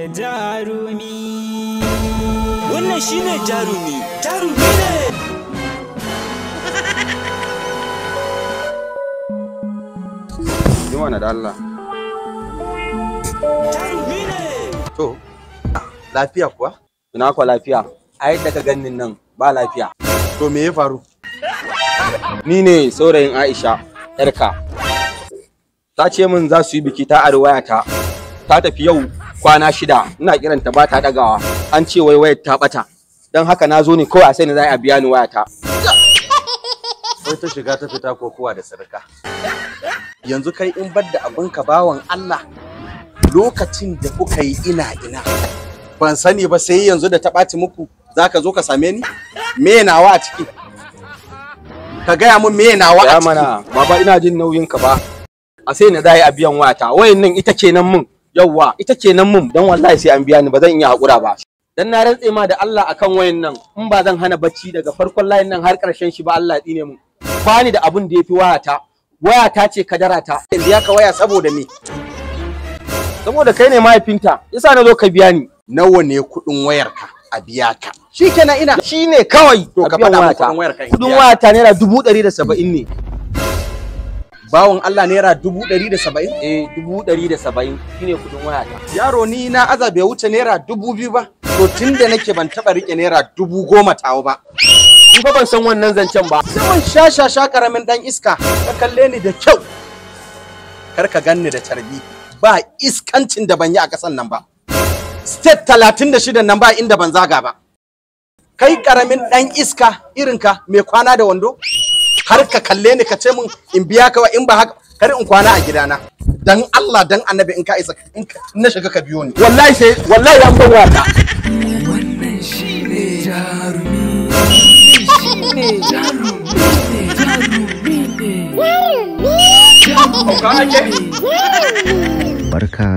Jarumi. Wannan shine jarumi. Jarumi ne. Yi wane da Allah. Jarumi ne. To, lafiya kuwa? Ina kuwa lafiya. A yadda ka ganin nan ba lafiya. To me ya faru? Ni ne saurayin Aisha, yarka. Ta ce min za su yi biki ta arwaya ta. Ta tafi yau kwana shida ina kiranta ba ta dagawa an ce wai wayar ta bata don haka na zo ne kawai a sai ni za a biya ni wayata sai ta shiga ta fita ko kuwa da sarka yanzu kai in bar da ka bawan Allah lokacin da kuka yi ina ina ban sani ba sai yanzu da ta bati muku za ka zo ka same ni me nawa a ciki ka gaya mun me nawa a ciki baba ina jin nauyin ka ba a sai na dai a biyan wata wayannan ita kenan mun yawwa ita kenan mun dan wallahi sai an biya ni ba zan iya hakura ba dan na rantse ma da Allah akan wayan nan in ba zan hana bacci daga farkon layin nan har karshen shi ba Allah ya dine mu bani da abun da yafi wayata wayata ce kadarata yanzu ya ka waya saboda me saboda kai ne mahaifinta yasa na zo ka biya ni nawa ne kuɗin wayarka a biya ka shikenan ina shine kawai to ka faɗa kudin kuɗin ka kudin wayata naira dubu ɗari da saba'in ne Bawon Allah naira dubu ɗari da saba'in? Eh, dubu ɗari da saba'in shine kuɗin wayata. Yaro ni na aza bai wuce naira dubu biyu ba. To tun da nake ban taɓa riƙe naira dubu goma tawo ba. Ni fa ban san wannan zancen ba. Zaman shashasha karamin dan iska ka kalle ni da kyau. Kar ka ganni da tarbi. Ba iskancin da ban yi a ƙasan nan ba. State talatin da shida nan ba inda ban zaga ba. Kai karamin ɗan iska irinka mai kwana da wando? har ka kalle ni ka ce min in biya ka in ba haka kar in kwana a gidana dan Allah dan annabi in ka isa in na shiga ka biyo ni wallahi sai wallahi an ban wata wannan shine jarumi shine jarumi jarumi barka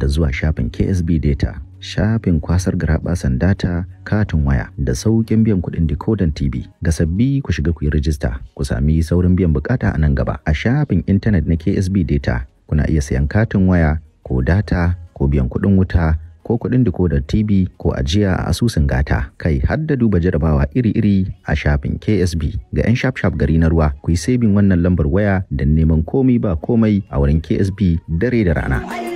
da zuwa shafin KSB data shafin kwasar san data katin waya da sauƙin biyan kuɗin decoder tv ga sabbi ku shiga ku yi rijista ku sami saurin biyan bukata a nan gaba a shafin intanet na ksb data kuna iya sayan katin waya ko data ko biyan kuɗin wuta ko kuɗin decoder TV ko ajiya a asusun gata kai har da duba jarabawa iri-iri a shafin KSB ga 'yan shaf-shaf gari na ruwa ku yi sabin wannan lambar waya da neman komi ba komai a wurin KSB dare da rana.